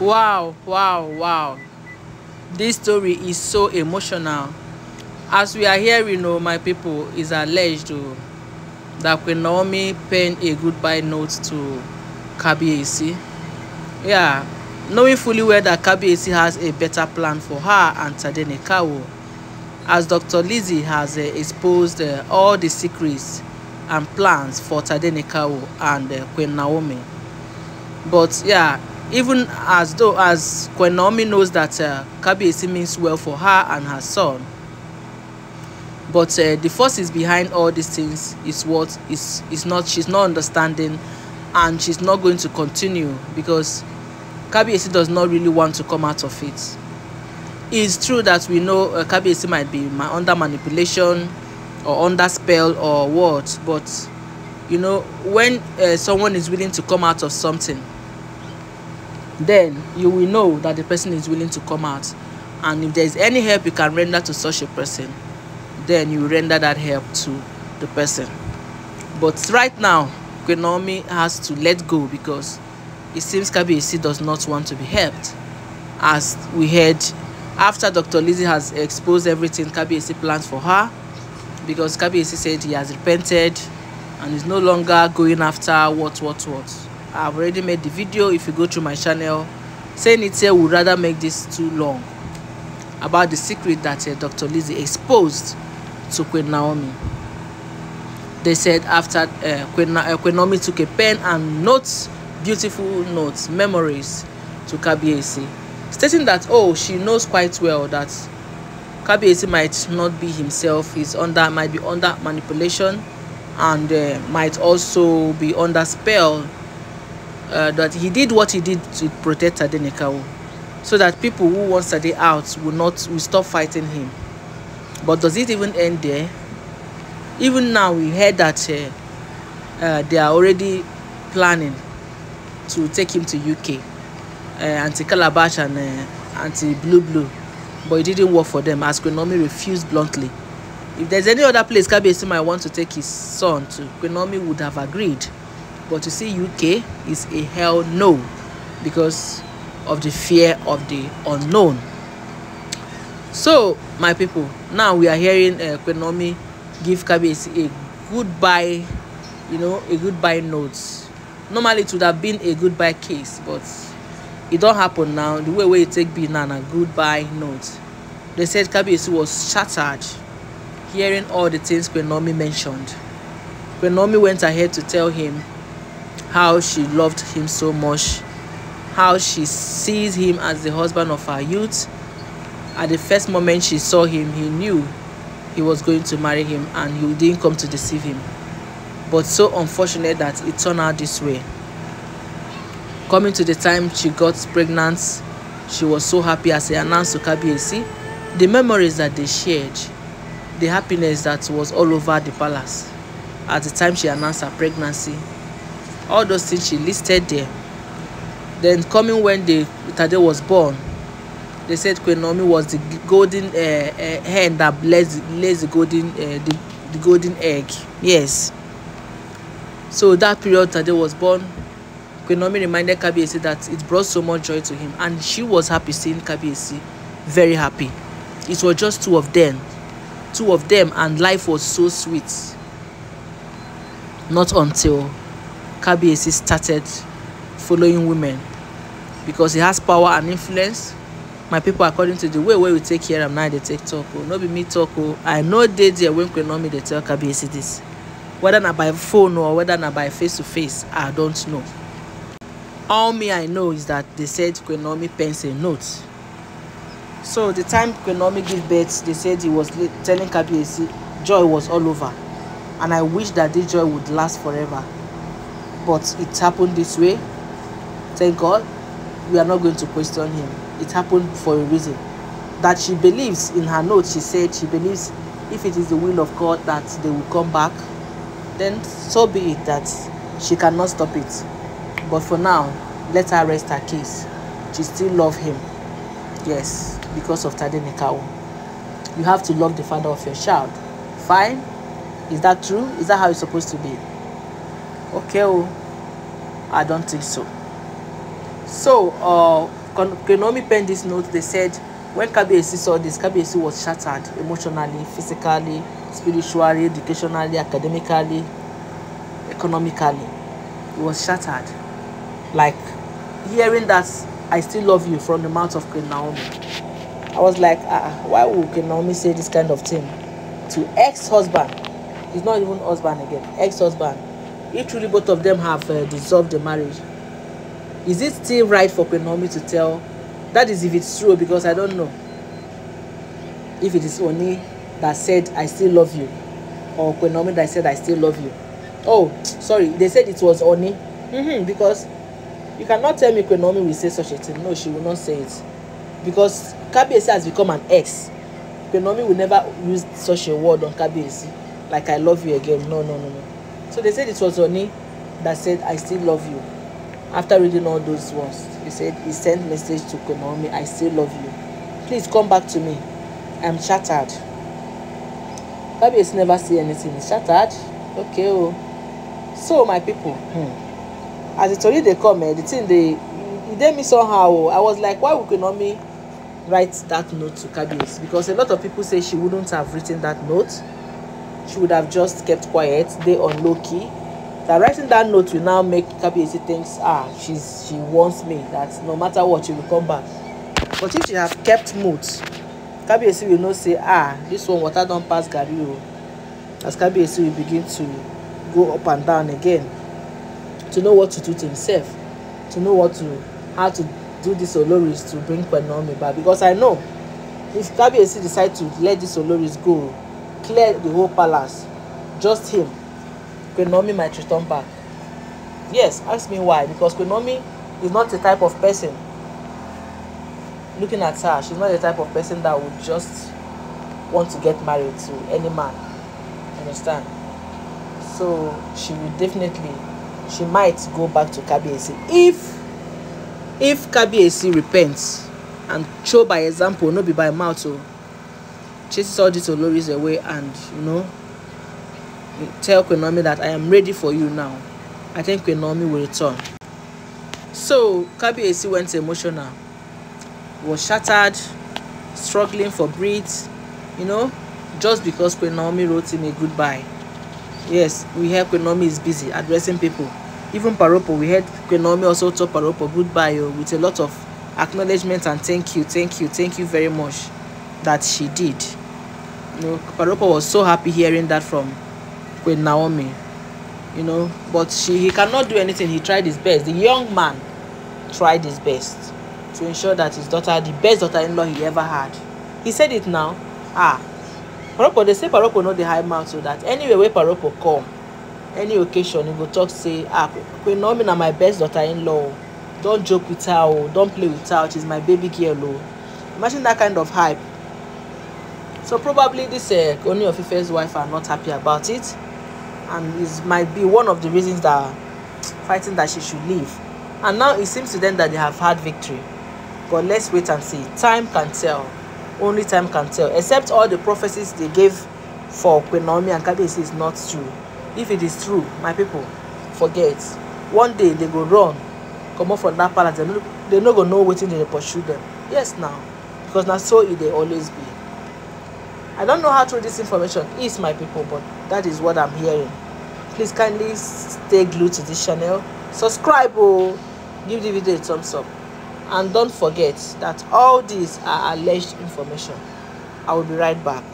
wow wow wow this story is so emotional as we are hearing o oh, my people is alleged o oh, that queen naomi pen a goodbye note to kabiyesi yeah knowing fully well that kabiyesi has a better plan for her and tadenikawo oh, as dr lizzie has uh, exposed uh, all the secrets and plans for tadenikawo and uh, queen naomi but yeah even as though as Queen knows that uh, Kabiesi means well for her and her son. But uh, the forces behind all these things is what is is not she's not understanding, and she's not going to continue because Kabiesi does not really want to come out of it. It's true that we know uh, Kabiesi might be under manipulation or under spell or what, but you know when uh, someone is willing to come out of something then you will know that the person is willing to come out and if there is any help you can render to such a person then you render that help to the person but right now Queen has to let go because it seems Kabiyesi does not want to be helped as we heard after Dr. Lizzie has exposed everything Kabiyesi plans for her because Kabiyesi said he has repented and is no longer going after what what what i've already made the video if you go to my channel saying it here would rather make this too long about the secret that uh, dr lizzie exposed to queen naomi they said after uh, queen, uh, queen naomi took a pen and notes beautiful notes memories to kbac stating that oh she knows quite well that kbac might not be himself he's under might be under manipulation and uh, might also be under spell uh, that he did what he did to protect Adenikawo oh, so that people who want Sade out will not will stop fighting him. But does it even end there? Even now, we heard that uh, uh, they are already planning to take him to UK, uh, anti Calabash and uh, anti Blue Blue, but it didn't work for them as Kwenomi refused bluntly. If there's any other place Kabiyesi might want to take his son to, Kwenomi would have agreed but to see UK is a hell no because of the fear of the unknown. So, my people, now we are hearing uh, Kwenomi give Kabiyesi a goodbye, you know, a goodbye note. Normally, it would have been a goodbye case, but it don't happen now. The way way you take banana goodbye note. They said Kabiyesi was shattered hearing all the things Kwenomi mentioned. Kwenomi went ahead to tell him how she loved him so much, how she sees him as the husband of her youth. At the first moment she saw him, he knew he was going to marry him and he didn't come to deceive him. But so unfortunate that it turned out this way. Coming to the time she got pregnant, she was so happy as he announced to Kabiesi the memories that they shared, the happiness that was all over the palace at the time she announced her pregnancy all those things she listed there then coming when the tade was born they said queen naomi was the golden uh, uh, hen that lays, lays the golden uh, the, the golden egg yes so that period tade was born queen naomi reminded kabiyesi that it brought so much joy to him and she was happy seeing kabiyesi very happy it was just two of them two of them and life was so sweet not until Kabiyesi started following women because he has power and influence my people according to the way wey we take care, am now i dey take talk o oh. no be me talk o oh. i no dey there when kwenomi dey tell kabiyesi this whether na by phone or whether na by face to face i don't know all me i know is that they said kwenomi pens a note so the time kwenomi give birth they said he was telling kabiyesi joy was all over and i wish that this joy would last forever but it happened this way thank god we are not going to question him it happened for a reason that she believes in her note she said she believes if it is the will of god that they will come back then so be it that she cannot stop it but for now let her rest her case she still love him yes because of Tade nikau. You have to love the father of your child. Fine? Is that true? Is that how it's supposed to be? okay oh i don't think so so uh konomi penned this note they said when kabiyesi saw this kabiyesi was shattered emotionally physically spiritually educationally academically economically he was shattered like hearing that i still love you from the mouth of queen naomi i was like ah, ah why would queen naomi say this kind of thing to ex-husband he's not even husband again ex-husband if truly both of them have uh, dissolved the marriage is it still right for Queen to tell that is if it's true because I don't know if it is Oni that said I still love you or Queen that said I still love you oh sorry they said it was Oni. mm-hmm, because you cannot tell me Queen will say such a thing no she will not say it because Kabiyesi has become an ex Queen will never use such a word on Kabiyesi like I love you again no no no no So they said it was Oni that said, I still love you. After reading all those words, he said, he sent message to Konomi, I still love you. Please come back to me. I'm shattered. Kabiyesi never say anything. shattered. Okay, oh. So my people, hmm. as it's already dey come, eh, the thing they e me somehow. Oh. I was like, why would Konomi write that note to Kabiyesi? Because a lot of people say she wouldn't have written that note she would have just kept quiet stay on low key that writing that note will now make kabiyesi thinks ah she's she wants me that no matter what she will come back but if she have kept mute kabiyesi will not say ah this one water don't pass Gary o as kabiyesi will begin to go up and down again to know what to do to himself to know what to how to do this oloris to bring Kwenomi back because i know if kabiyesi decide to let this oloris go clear the whole palace. Just him. Kwenomi might return back. Yes, ask me why. Because Kwenomi is not the type of person. Looking at her, she's not the type of person that would just want to get married to any man. Understand? So she will definitely, she might go back to Kabiesi if, if Kabiesi repents and show by example, not be by mouth. So. Oh, chase Sojit Oloris away and, you know, tell Kwenomi that I am ready for you now. I think Kwenomi will return. So, Kabiesi went emotional. Was shattered, struggling for breath, you know, just because Kwenomi wrote him a goodbye. Yes, we heard Kwenomi is busy addressing people. Even Paropo, we heard Kwenomi also told Paropo goodbye oh, with a lot of acknowledgement and thank you, thank you, thank you very much that she did. You know, Paparopo was so happy hearing that from Queen Naomi. You know, but she he cannot do anything. He tried his best. The young man tried his best to ensure that his daughter, the best daughter-in-law he ever had. He said it now. Ah, Paroko. they say Paroko, no the high mouth so that anywhere where Paroko come, any occasion, he go talk say, ah, Queen Naomi na my best daughter-in-law Don't joke with her o. Oh. Don't play with her. She's my baby girl Oh, Imagine that kind of hype so probably this uh, of of first wife are not happy about it and it might be one of the reasons that fighting that she should leave and now it seems to them that they have had victory but let's wait and see time can tell only time can tell except all the prophecies they gave for Queen Naomi and Kabisi is not true if it is true my people forget one day they go run off from that palace not going to know wetin dey pursue them. yes now because now so it dey always be I don't know how true this information is, my people, but that is what I'm hearing. Please kindly stay glued to this channel. Subscribe, oh, give the video a thumbs up. And don't forget that all these are alleged information. I will be right back.